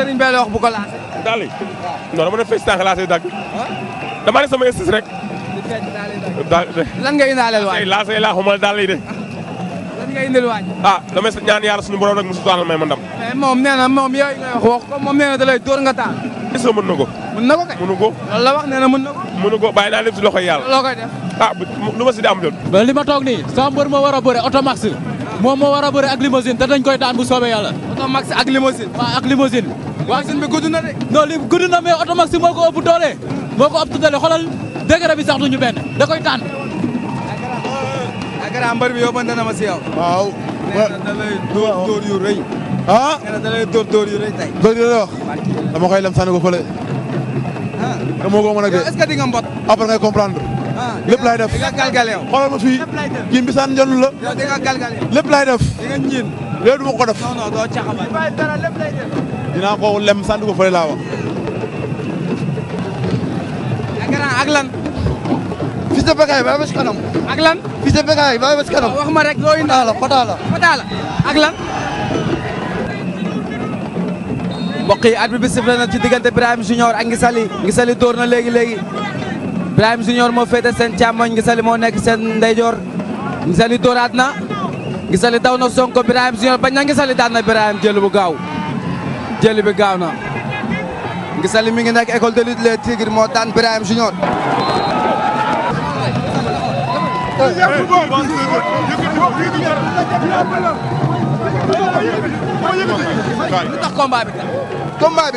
Serigne Bell wax bu ko lancé. daal yi non dama def fecc tànk lancé dagg. dama ne sama estis rek. li fecc daal yi dagg. lan nga indaaleel waay lancé laa xamal daal yi de. lan nga indil ah, ñaan yàlla suñu borom rek mu sutaanal may ma ndam. mais moom nee na moom yooyu ngay wax wax ko moom nee na da nga taal. est-ce que mën na ko. mën na ko kay mënu ko. loolu la wax nee na mën na ko. mënu ko bàyyi naa lépp si loxoy yàlla. loo koy def ah lu ma si di am jot. li ma toog nii sama moo war a bëre Automax moom moo war a bëre ak limousine te dañ koy daan bu soobee yàlla. Automax ak limousine. waaw ak limousine. waaw seen bi gudd na de. non li gudd na mais Auto Max moo ko ëpp doole. moo ko ëpp doole xoolal dëgër bi sax duñu benn da koy tànn. akara mbër bi yóbbante na ma si yow. waaw. nee na da lay dóor dóor yu rëy. ah nee na da lay dóor dóor yu rëy tey. dóor yu rëy wax dama koy lem sànni ko fële. ah dama ko mën a dee. est-ce que di nga mbot. après ngay comprendre. lépp laay def. di nga ma fii kii Mbisaan Njoon la. yow di nga galgalé. lépp laay def. di nga ñiin. léegi du ma ko def. non non lem sant ko laa wax. ak lan. fils de Bécaye ba ci kanam. ak lan. fils de Bécaye ba ci kanam. wax ma rek loo indi. Fata la Fata la. Fata la ak lan. mbokk yi at bi bi sifle na ci diggante Birahim Junior ak Ngisali Ngisali na léegi léegi. Ibrahima Junior moo féete seen càmmoñ Ngisali moo nekk seen ndeyjoor Ngisali dóoraat na Ngisali daw na Sonko Ibrahima Junior bañ na Ngisali daan na Ibrahima jël bu gaaw jël bi gaaw na Ngisali mi ngi nekk école de lutte les moo daan Ibrahima Junior lu tax combat bi combat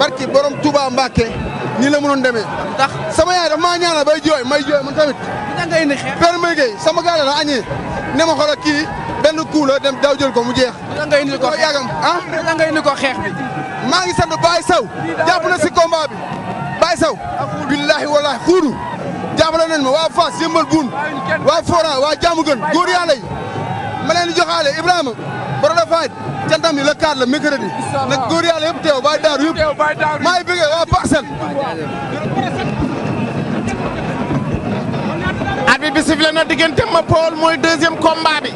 barki borom Touba Mbacké nii la mënoon demee. ndax sama yaay dafa maa ñaanal bay jooy may jooy man tamit. dina nga sama gaale la añee ne ma xoolal kii benn kuu la dem daw jël ko mu jeex. dina ko yàggam ah. dina xeex maa ngi sant Baye Sow jàpp na si combat bi Baye Sow. billahi wallahi xuudu. jàppale ma waa Fass yëmbal buun waa Fora waa Diamaguène góor yàlla yi ma leen di joxaale Ibrahima. Borodo Faye jantam bi le 4 la mercredi. incha allah nag góor yàlla yëpp teew bàyyi daaru yëpp. teew bàyyi daaru yëpp maa ngi bëggee waa parcelle. arbitre bi sifflé na diggante Mapol mooy deuxième combat bi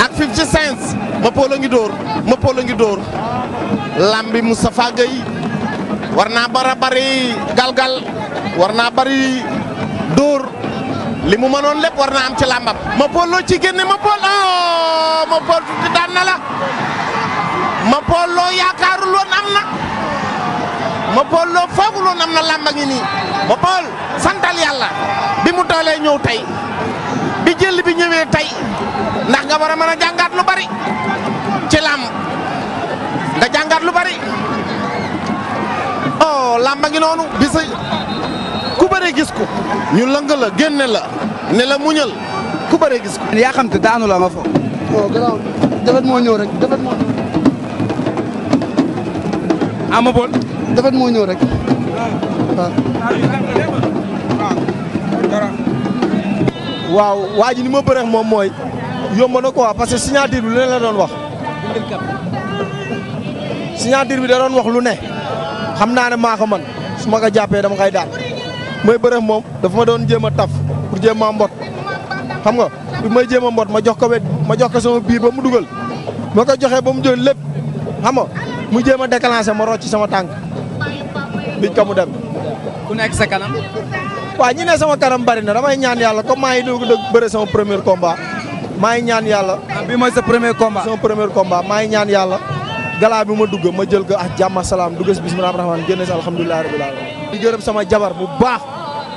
ak Fifty Cents Mapol a ngi dóor Mapol a ngi dóor lambi Moustapha Gueye war naa bara bari galgal war naa bari dóor. li mu mënoon lépp war na am ci làmbam ma Paul ci génne ma Paul oh ma Paul daan na la ma Paul Lo yaakaarul woon am na ma Paul Lo foogul woon am na làmba nii ma Paul santal yàlla bi mu doolee ñëw tey bi jël bi ñëwee tey ndax nga war a mën a jàngaat lu bari ci làmb nga jàngaat lu bari oh làmba ngi noonu bisa gis ko ñu lëng la génne la ne la muñal ku bëri gis ko. yaa xam te daanu nga fo. waaw oh, garaaw defet moo ñëw rek defet moo. Ama Baldé. defet moo ñëw rek waaw. waaw waa ji ni ma bëreex moom mooy yomb na wa parce que signature bi lu ne la doon wax. signature bi da doon wax lu ne xam naa ne maa man su ma ko jàppee dama koy daal. may bëre moom dafa ma doon jéem a taf pour jéem a mbot xam nga bi may jéem a mbot ma jox ko wet ma jox ko sama bii ba mu dugal ma ko joxe ba mu jël lépp xam nga mu jéem a déclenché ma rocc sama tànk biñ ko mu dem. ku nekk sa kanam. waaw ñi ne sama kanam bari na damay ñaan yàlla comme maa ngi dugg bëre sama premier combat maa ngi ñaan yàlla. Ah, bi mooy sa premier combat. sama premier combat maa ngi ñaan yàlla. galaa bi ma dugg ma jël ko ah, ak jàmm salaam dugg si bisimilah rahmaani génne si alhamdulilah rabbil alamin di gërëm sama jabar bu baax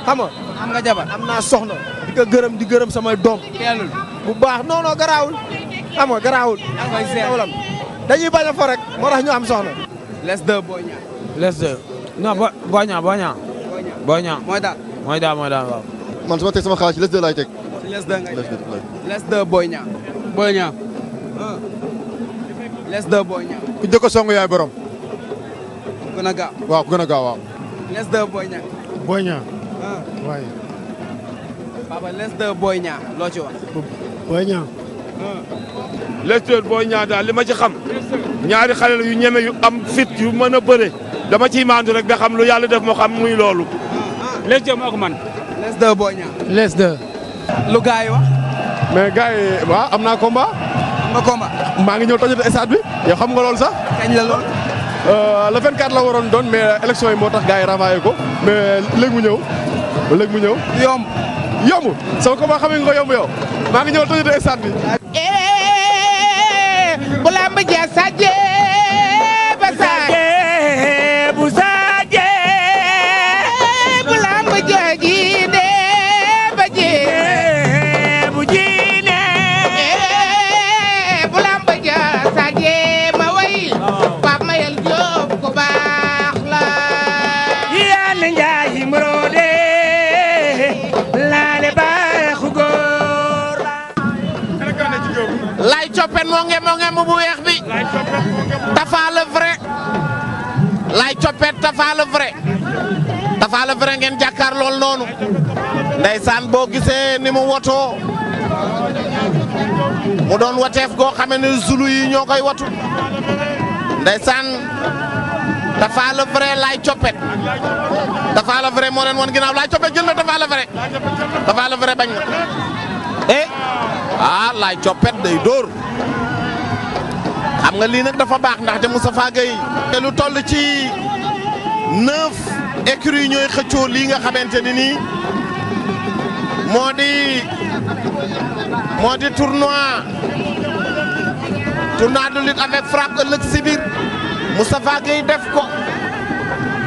xam nga. am nga am naa soxna. di gërëm di gërëm samay doom. teelul bu baax non non garaawul. xam nga garaawul. dañuy bañ fo rek moo tax ñu am soxna. les deux boo ñaa. les mooy daal mooy daal mooy daal waaw. man su teg sama xaalis ci les deux laay teg. les deux ngay teg les deux booy a song yaay borom. ku gën a gaaw waaw ku gën a gaaw Less 2 Boy Niang. Boy Niang. Ah. Boy Niang loo ci wax. Boy Niang. Ah. Less 2 daal li ma ci xam. ñaari xale yu ñeme yu am fit yu mën a bëre. dama ciy maandu rek ba xam lu yàlla def moo xam muy loolu. Ah, Less 2 moo ko man Less 2 Boy Niang. lu gars yi wax. mais gars am naa komba am maa ngi ñëw tojjatu stade bi. yow xam nga loolu sax. Euh, le 24 la waroon doon mais élection yi moo tax gars yi ravaillé ko mais léegi mu ñëw léegi mu ñëw. yomb yomb sama ko ma xamee nga ko yomb yow maa ngi ñëw tojjate stade bi. moo nge moo bu weex bi Tapha le vrai Laye Coppet Tapha le ngeen jàkkaar lool noonu ndeysaan boo gisee ni mu wotoo mu doon wateef goo xamee ne zulu yi ñoo koy watu ndeysaan Tapha le vrai Laye Coppet Tapha le vrai moo leen woon ginnaaw Laye Coppet jël na Tapha le vrai Tapha bañ na eh ah laay coppet day dóor xam nga lii nag dafa baax ndaxte Moustapha Gueye te lu toll ci neuf écuries yi ñooy xëccoo lii nga xamante ni nii moo di moo di tournoi tournoi de lutte avec frappe ëllëg si biir Moustapha Gueye def ko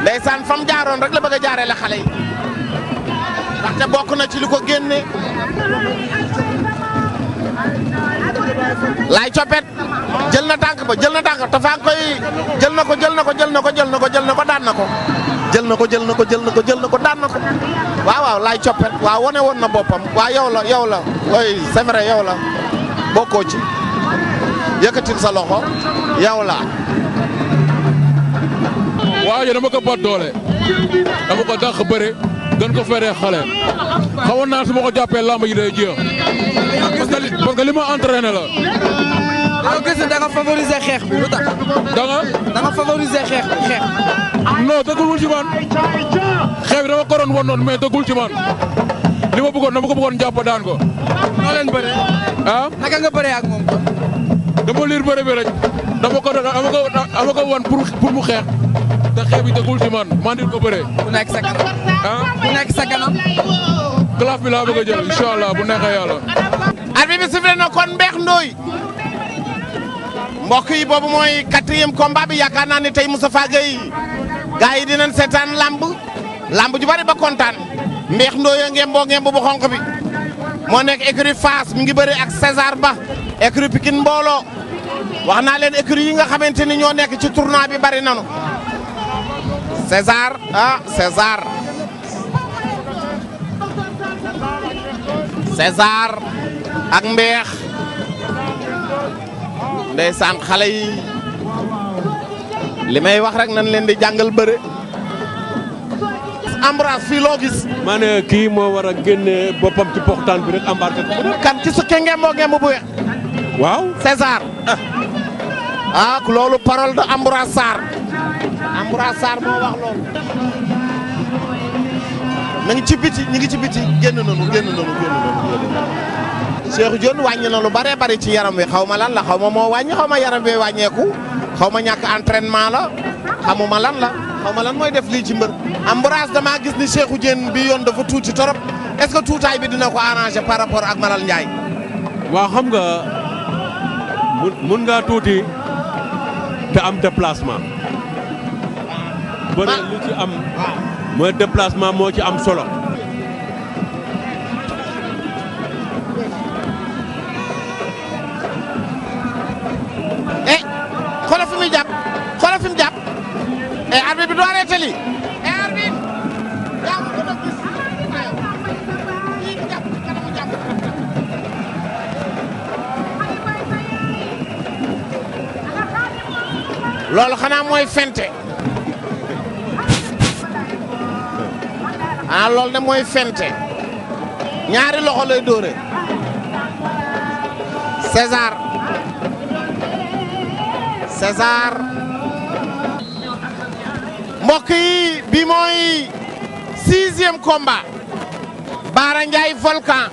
ndeysaan fam jaaroon rek la bëgg a xale yi. te bokk na ci li ko génne laay coppet jël na tànk ba jël na tànk tafaa koy jël na ko jël na ko jël na ko jël na ko jël na ko daan na ko jël na ko jël na ko jël na ko jël na ko daan na ko waaw waaw laay coppet waaw wane woon na boppam waaw yow la yow la ooy c'est vrai yow la bokkoo ci yëkkatil sa loxo yow la waaw yo dama ko bot doole bëre gën ko feree xale xawoon naa su ma ko jàppee lamb ji day jeex parce que li ma entraîné la. yow gis da nga xeex bi lu tax. da nga. da nga favoriser xeex xeex. non dëggul ci man xeex bi ko doon wan noonu mais dëggul ci man li ma bëggoon dama ko bëggoon jàpp daan ko. noo leen bëree. Ah? naka nga bëree ak moom. dama liir bëre bi rek dama ko ko wan pour mu xeex. te xeeb bi dëggul ci man mandil ko bëre. bu nekk sa kanam. Ah? nekk sa kanam. bi laa bëgg a jël allah bu neexee yàlla. arbitre bi sifflé kon Mbekh Ndoye. mbokk yi boobu mooy quatrième combat bi yaakaar naa ne tey Moustapha Gueye gars yi dinañ seetaan lamb lamb ju bari ba kontaan Mbekh Ndoye ngem boo bi moo nekk écurie Fass mi ngi bëri ak César Ba écurie Pikine mbooloo wax naa leen écurie yi nga xamante ni ñoo nekk ci tournoi bi bari nanu César ah César César ak mbeex ndeysaan xale yi li may wax rek nañ leen di jàngal bëre. embrasse fii loo gis. ma kii moo war a génne boppam ci poxtaan bi rek embarqué kan ci su kee ngeen bu weex. waaw César. ah, ah loolu parole de Ambroise Koura Sarr moo wax loolu na ngi ci biti ñu ngi ci biti génn noonu génn noonu génn noonu Cheikh Dione wàññi na lu bare bari ci yaram wi xaw ma lan la xaw ma moo wàññi xaw ma yaram wi wàññeeku xaw ma ñàkk entraînement la xamuma lan la xaw lan mooy def lii ci mbër Ambroise damaa gis ni Cheikh Diene bi yoon dafa tuuti torop est-ce que tuutaay bi dina ko arranger par rapport ak Malal Ndiaye waaw xam nga mun ngaa tuuti te am déplacement bëri lu ci am mooy déplacement moo ci am solo eh xoolal fi muy jàpp xoolal bi du arrêté lii eh arbitre yaa xanaa mooy fente ah loolu de mooy fente ñaari loxo lay dóore César César mbokk yi bi mooy sixième combat Baara Ndiaye Volcan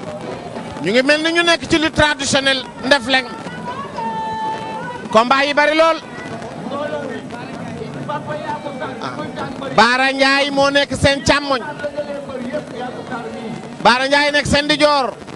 ñu ngi mel ni ñu nekk ci lu traditionnel Ndefleng combat yi bari lool ah. Baara Ndiaye moo nekk seen càmmoñ Baara Ndiaye nekk seen di joor